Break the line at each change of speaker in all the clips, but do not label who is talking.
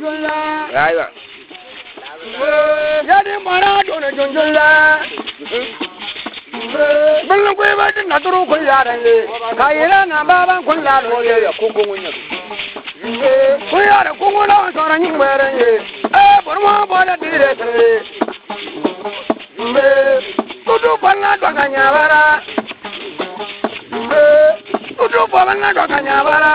jonjonla. ayiwa. yadi mara dona jonjonla. Bilin kuyi ba din na turu kun yaran le, ka yira na baban kun lalo le. Kun yara kungu na sɔrɔ ɲin gbɛrɛ ye, ee buruma bɔra dire tile. Tutu bɔnna dɔ ka ɲabara. Tutu bɔnna dɔ ka ɲabara.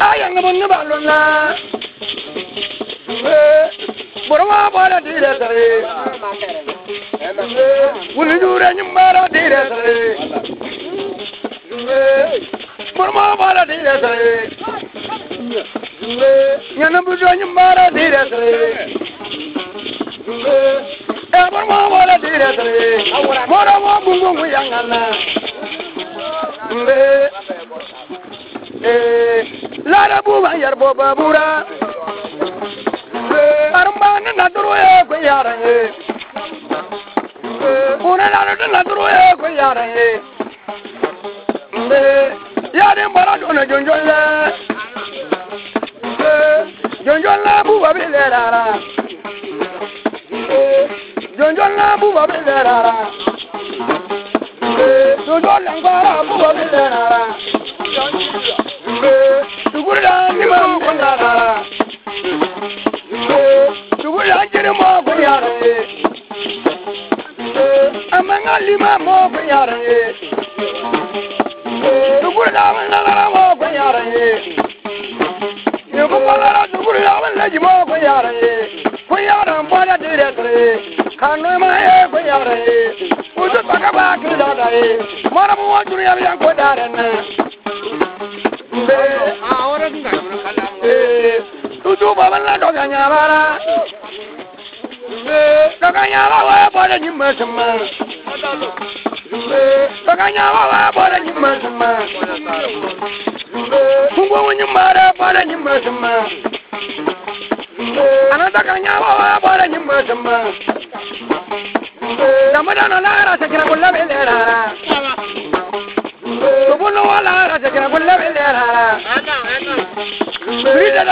aya ŋa bon ŋa lo eh, na borwa bora dire tare eh, wuli dure nyimara dire tare eh, borwa bora dire tare nyana bujo nyimara dire tare borwa bora dire tare mora mo bungu yangana mbe eh lada buba yar boba bura arma na na duro ye ko yara ye una na na na duro ye ko yara ye yare bara dona jonjon la jonjon la buba be le rara jonjon la buba be le rara jonjon la buba be le rara Sugura ni kunda da. Sugura jere mo kuya re. Amanga lima mo kuya re. Sugura man mo kuya re. Yugo pala la sugura man la jimo kuya re. dire tre. ma e kuya re. Udu paka ba kida da e. Mara mo wa dunia bi ko da ne. tutu baba wa bora wa bora bora ana wa bora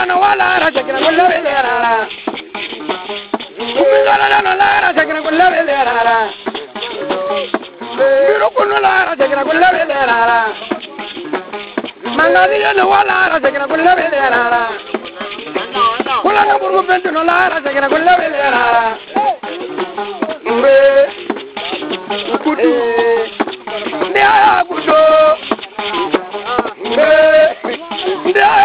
no va la que no la no la no con la con la que no la se
no la que no con la
Con no la que la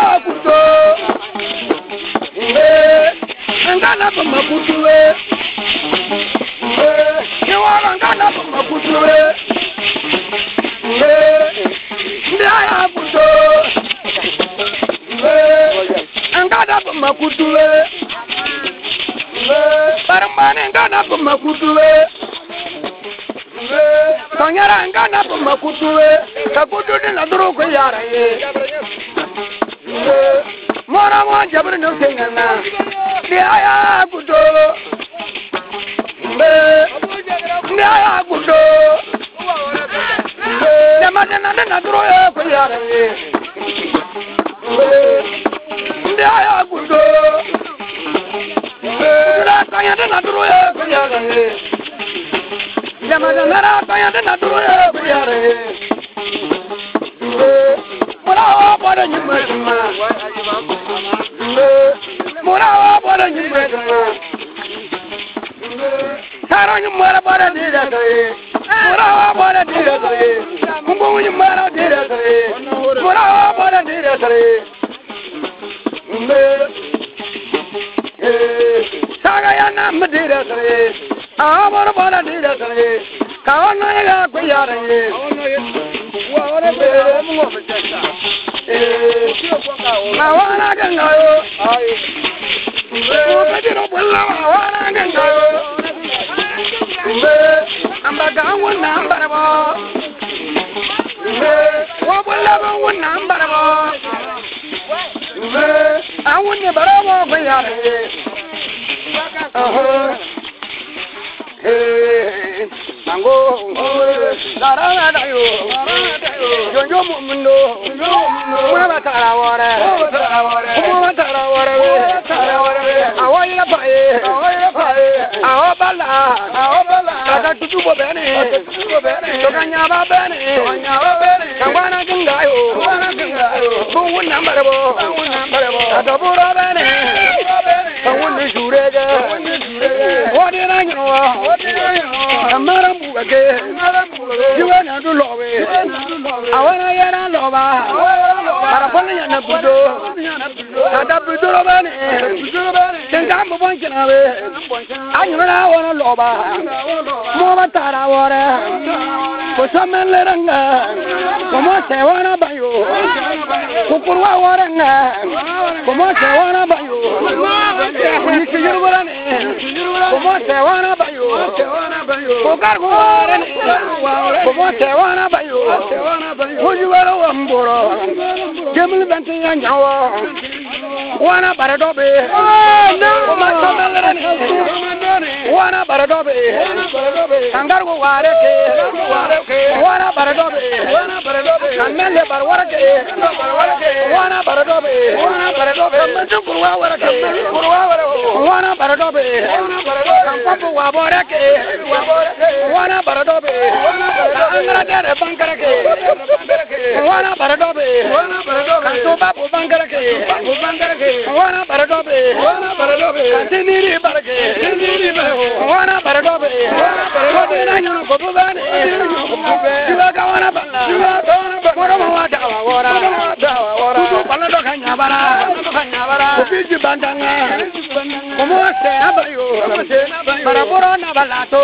ai, ai, ai, soye murawa bora dira soye mungu mara dira soye murawa bora dira soye me saga ya nam dira soye amor bora dira soye kaona ya kuyara ye waore be mungu fetesa eh kaona gangayo ayo Mbe, mbe, mbe, mbe, mbe, mbe, mbe, mbe, ambaga wunna ambarabo wobulaba We ambarabo awunni barabo gwayabe mango darana dayo jonjo mundo mwana tarawore mwana tarawore mwana tarawore àwọn yẹn fà yé àwọn yẹn fà yé àwọn bá là àwọn bá là kàtà tutu bò bẹ́ẹ̀ ni kàtà tutu bò bẹ́ẹ̀ ni tọ́ka ɲaba bẹ́ẹ̀ ni tọ́ka ɲaba bẹ́ẹ̀ ni kàgbana gíga yo. kàgbana gíga yò bungun nàmbàrẹ̀ bò bungun nàmbàrẹ̀ bò kàtà búrọ̀ bẹ́ẹ̀ ni bangun ni sure kɛ wọ́n ti náà ɲinɛ wa ka mara bugɛ kɛ jiwɛ nadu lɔbɛ àwọn yɛrɛ lɔba. Parafon ya na budo. Na da budo ro bani. Sen ga mo bon kina we. Anyu na wono loba. Mo Ko samen le ranga. Ko mo bayo. Ko kurwa wore nga. Ko mo se wona bayo. ni se yuru bayo kugargu waren kubo tewana bayo kujugaro wamboro gemul bente yanyawo wana bara dobe, baradobe oh, kuma tomelen wana bara dobe, baradobe sangargo wareke wana bara bara dobe, wana dobe, kamende bar wareke wana bara dobe, wana baradobe kamende kurwa wareke wana bara bara dobe, wana baradobe kampopo waboreke wana bara baradobe angradere bankareke wana bara bara dobe, wana dobe kantuba bubangarake bubangarake wana baradobe wana baradobe kantiniri barake kantiniri barake wana baradobe wana baradobe nanyo gobubane jiwa kawana bana jiwa kawana bana moro mawa dawa wana dawa nabara ubiji bandanga umuwase nabayo baraburo nabalato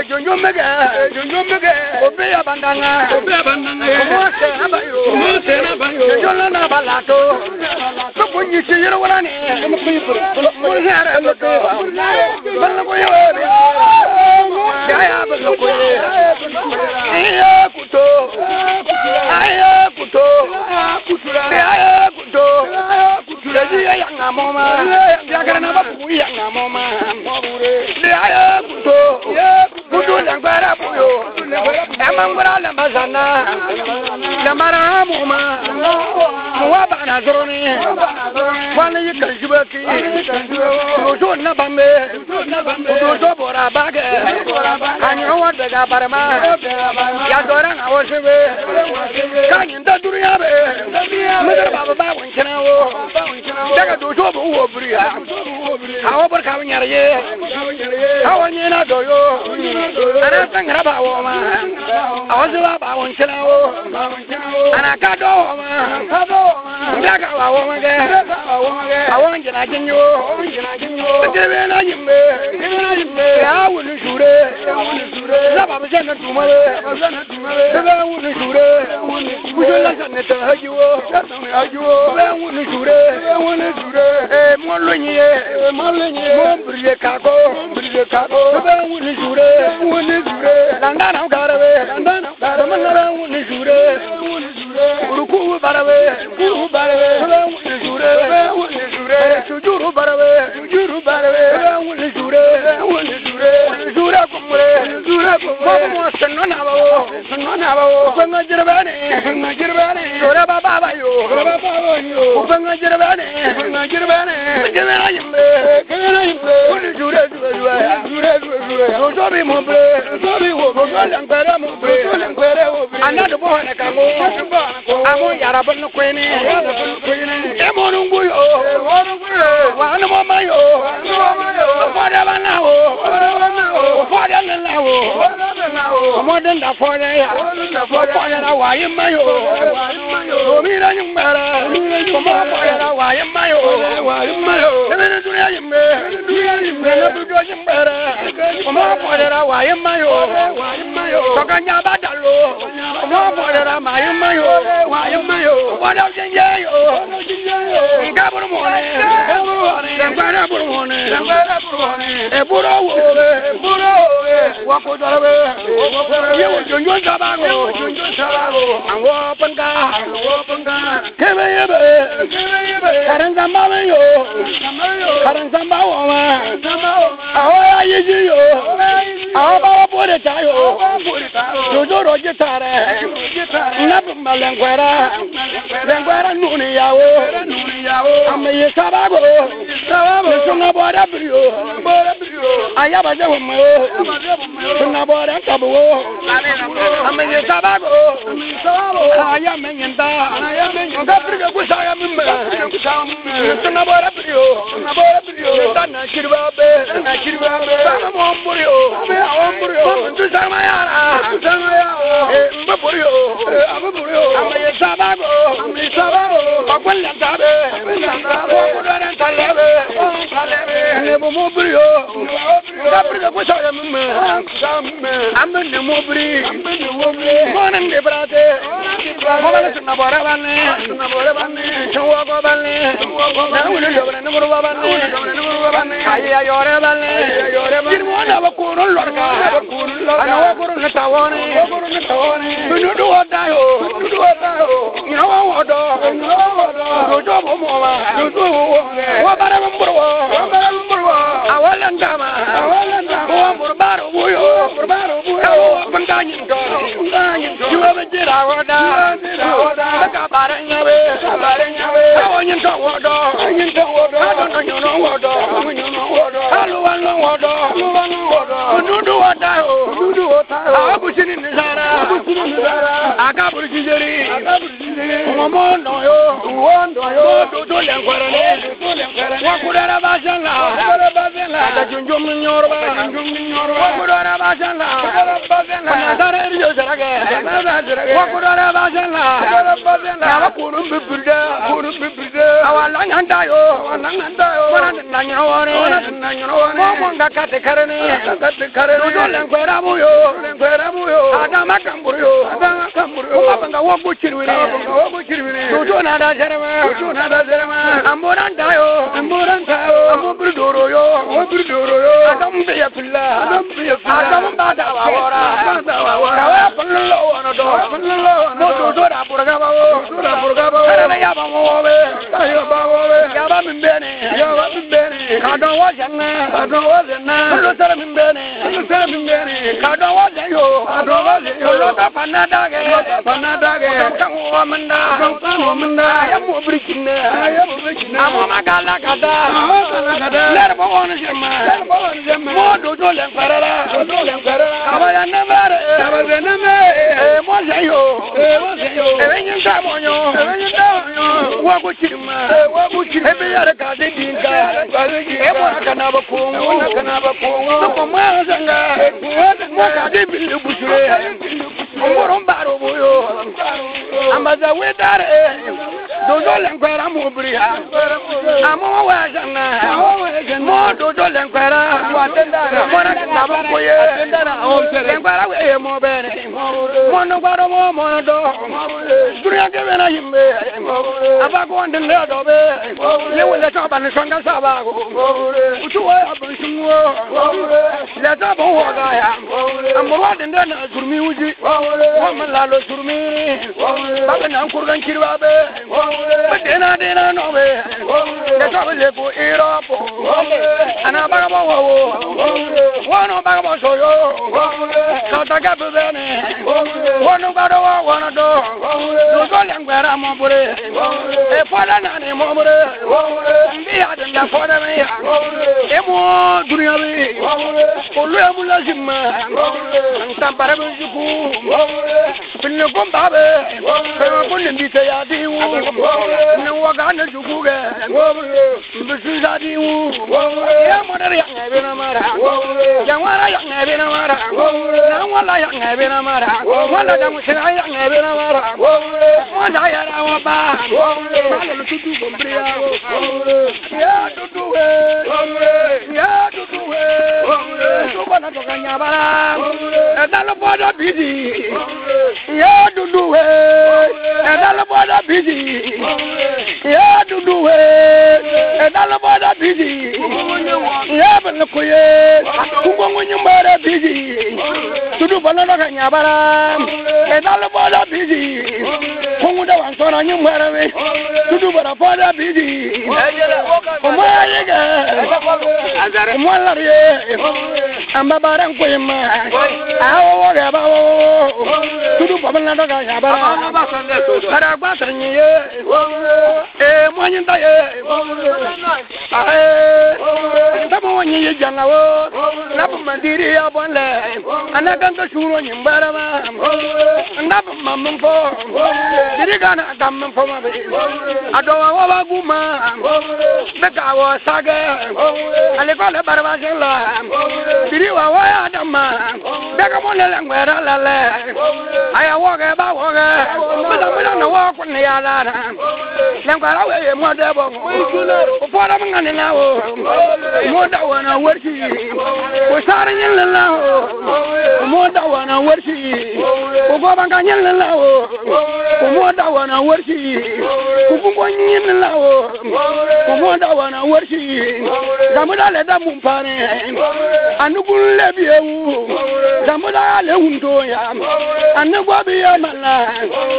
ejo nyomege ejo nyomege obeya bandanga obeya bandanga umuwase nabayo umuwase nabayo ejo lo nabalato sokunyi siyiro walani mulhara loto balnakoyo ya ya balnakoyo ng'amoma lyagala n'abakubuya ng'amoma mobure lyaye kuto kudula ngwera buyo amangwera lambazana lamara muma muwab ba na zoro ni wa ni yi kan jibe ki dojo na bambe dojo bora bage ani wa daga barma ya dora na wo shebe ka ni da duniya be mi da baba ba won kina wo daga dojo bo wo buri ha ha wo barka won yare ye ha won ni na doyo ana tan ba wo ma a wo ba won kina wo ana ka do wo ma ka do wo ma Nda ka wa woma ge. A woma jina jinyo. Woma jina jinyo. Tebe na jimbe. Tebe na jimbe. Ya wulu shure. Ya wulu shure. La ba bese na tumale. Ba bese na tumale. Tebe wulu shure. Wulu shure. Kujo la sa neta hajiwo. Sa ne hajiwo. Tebe wulu shure. Tebe wulu shure. Eh mo lo nyiye. Mo lo nyiye. Mo briye kago. Mo briye kago. Tebe wulu shure. Wulu shure. Landa na garabe. Landa na garabe. Mo na wulu shure. Wulu shure. Uruku barabe. Uruku barabe sujuru barawe sujuru barawe wuli jure wuli jure wuli jure kumure wuli jure kumure mo mo sanno na bawo sanno na bawo sanga jirbane sanga jirbane jora baba baba bawo ni o banga jirba ne banga jirba ne jana yimbe kana yimbe kun jure jure jure jure jure o to bi mo bre o to bi wo ko lan kwere mo bre ko lan kwere wo bre ana do bo na ka mo amu yara ban ko ni e mo nungu yo wa nungu yo wa no ma yo wa no ma yo ko da bana o ọmọdé ń dàfọ́ rẹ̀ yà ọkọ̀ yàrá wàyé mayo omi rẹ̀ ń gbẹ̀rẹ̀ ọmọ ọkọ̀ yàrá wàyé mayo ẹ̀mí ni dúró Benududu oyin gbẹrẹ. Ọmọ ọ̀fọ̀dẹ̀ra wàyí mayo. Tọ́ka ní abada lo. Ọmọ ọ̀fọ̀dẹ̀ra màyí mayo. Wàyí mayo. Wọ́dọ̀ ṣe ń yé yo. Nǹkan buru mọ̀ni. Dẹ̀gbẹ́rẹ́ buru mọ̀ni. Eburo wo. Eburo wo. Wakojọra bẹ. Yé wo jonjo sábà ro. Àwọn pẹ̀nká. Kébé yé bẹ̀. Kàrẹ́nsánbá bẹ̀ yo. Kàrẹ́nsánbá wọ̀ wá àwọn ayé yí yò àwọn bá wà bóde ta yò dodo rọjí ta rẹ nnabu malẹnkwẹrẹ lẹnkwẹrẹ nùnú ìyàwó àmì yìí sábàgò lẹsùn náà bọ́ọ̀dà bìrì yò ayabade wo mo tunabore nkabu wo ameye sabago aya menyenda nga pirige kusaya mimbe tunabore pirio tana kiribabe sana mwamburio tusama yara mbaburio ameye sabago akwelyantabe bo mo biri o nga ko sa ya mme sa mme amme mo biri amme ne mo biri sunna bora banne sunna bora banne chwa go banne na wulu yo banne mo ba banne ayi ya yore banne yore banne dir mo na ba ko ron lor ka ba ko ron da yo nu du wa da yo ni wa wa do ni wa wa do do mo mo kanyin juwa did I wada jira. barang yawe Kawanyin ka wada Adon kanyin no wada Aluwan no wada Nudu wada Abusini nizara Akaburi kijeri Ngomo no yo Dodo lengkwarane Wakudara basanga basela kata jomni nyorba kata jomni nyorba wa kudora basela kudora basela kana tare riyo sarage kana tare sarage wa kudora basela kudora basela awa kunum bibirde kunum bibirde awa lanyanda yo awa lanyanda yo wana nanya wore wana nanya wore mo monga kate karene kate karene do lenkwera buyo lenkwera buyo adama kamburyo adama kamburyo wa banga wa buchirwini wa buchirwini do na da jerema do na da jerema amboran dayo oh. amboran dayo oh. amboru doro yo oh, وادرد ورويا أدم بيت الله أدم بيت الله أدم بعد أورا بعد أورا كوا فن الله وانا دور فن الله وانا دور دور أبورك أبورك أبورك bɛ yaba mɔgɔ bɛ yaba mɔgɔ bɛ yaba min bɛ ni yaba min bɛ ni ka dɔn wa zɛn a ye mɔbili a ye mɔbili a mɔ ma a mɔ wakuchi wakuchi ebe yare ka de dinka ebo umurun baro buyo ambaza wedare dojo lenkwera mubriya amo wa mo dojo lenkwera mona nabo koye lenkwera we mo bere mo no mo mo do duriya ke bena yimbe aba ko do be le wele to ban songa saba ko utu wa le to bon amma waɗin da na kurmi wuji wannan lalo kurmi baka na kurgan kirba be bade na de na no be da ka bale ko ira po ana baka bo wo wono baka bo so yo ka ta ka bu be ne wono ka do wo wono do do go le ngara mo bure e fola na ne mo bure mbi ya de na fola me ya e mo duniya be ko lo ya mu lazim ma ntan bara bɛ zugu fini ko nbaabe fɛn ko nin bi se ya di wu ni waga ne zugu kɛ nbi sunsa di wu ya mɔdɛri ya ŋɛ bena mara jangwara ya ŋɛ bena mara nanwala ya ŋɛ bena mara wala jamusina ya ŋɛ bena mara wala yɛrɛ wa ba malum tutu gombriya ya tutu we ya tutu we sukɔnɔ tɔ ka ɲabara. ẹ̀dá ló bọ́dọ̀ bìdì yóò dúdú wé ẹ̀dá ló bọ́dọ̀ bìdì yóò dúdú wé ẹ̀dá ló bara biji yaban na koye kungongo nyi bara biji tudu bana daga nya bara edal bara biji kungu da wan sona nyi bara we tudu bara bara biji kuma yega azare mwala amba bara koye ma awo woga ba wo tudu bala daga nya bara bara gwa e mwanyi da sabu wa nyi janga wo nabu mandiri ya bonle anakan ka shuro nyi mbara ma nabu mamun fo diri gana gam mun fo ma be ado wa wa bagu ma be ka wa sage ale ko le barba jeng la diri wa wa ya dam ma be ka mon le ngwera la le aya wo ge ba wo ge ba da na wa ko ne ya la lenkwara weye moda bon ufoda mun ngani na wo moda wana warshi ko sare nyin lalla wo moda wana warshi ko goban ka nyin lalla wo ko moda wana warshi ko bungo nyin lalla wo ko moda wana warshi gamuda le da mun pare anugun le biewu kamudaya le wundoya ane gwabi ya mala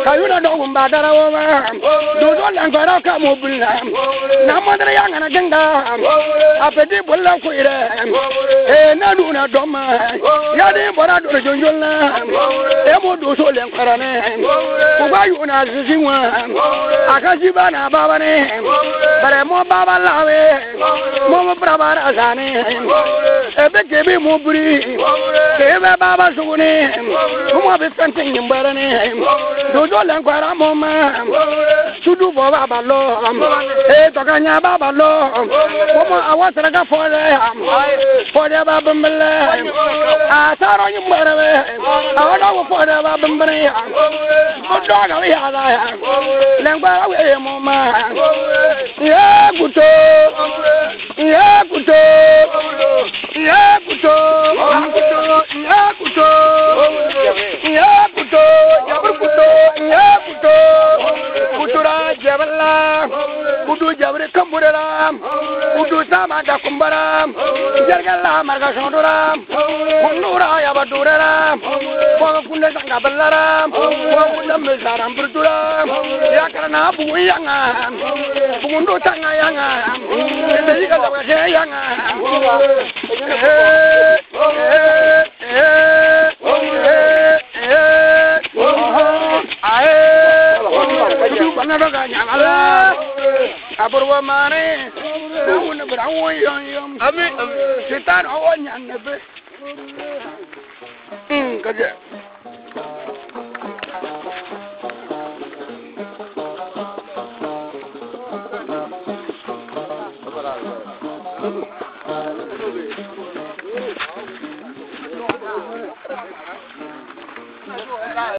kayuna do wumba darawa dodo langara ka mobula na madara ya ngana genga apedi bolla ko ire e na duna doma ya de bora do jonjolla e mo do so len karane ba yuna zizinwa akaji bana baba ne bare mo baba lawe mo brabara zane ebeke bi mu biri kee bɛ baaba suguni kuma bi fɛn ti ɲimbɛrɛni dojo lɛnkwara mu ma sudu bɔ b'a ba lɔ ee tɔkanya b'a ba lɔ kuma awɔ saraka fɔlɛ fɔlɛ b'a bɛnbɛlɛ a saarɔ ɲimbɛrɛ bɛ awɔ dɔw ko fɔlɛ b'a bɛnbɛrɛ ko dɔw ka bi yaala lɛnkwara wele mu ma ee guto. raja kumbaram jargalla marga shonduram kunura ya baduraram koga kunne sanga ballaram koga kunda mesaram berjuram ya karena buyanga bundu tanga yanga jadi kalau ke yanga Ae, ae, awone bere awo yan yan. Ami sitan awo nyan ne be. Hmm kaje.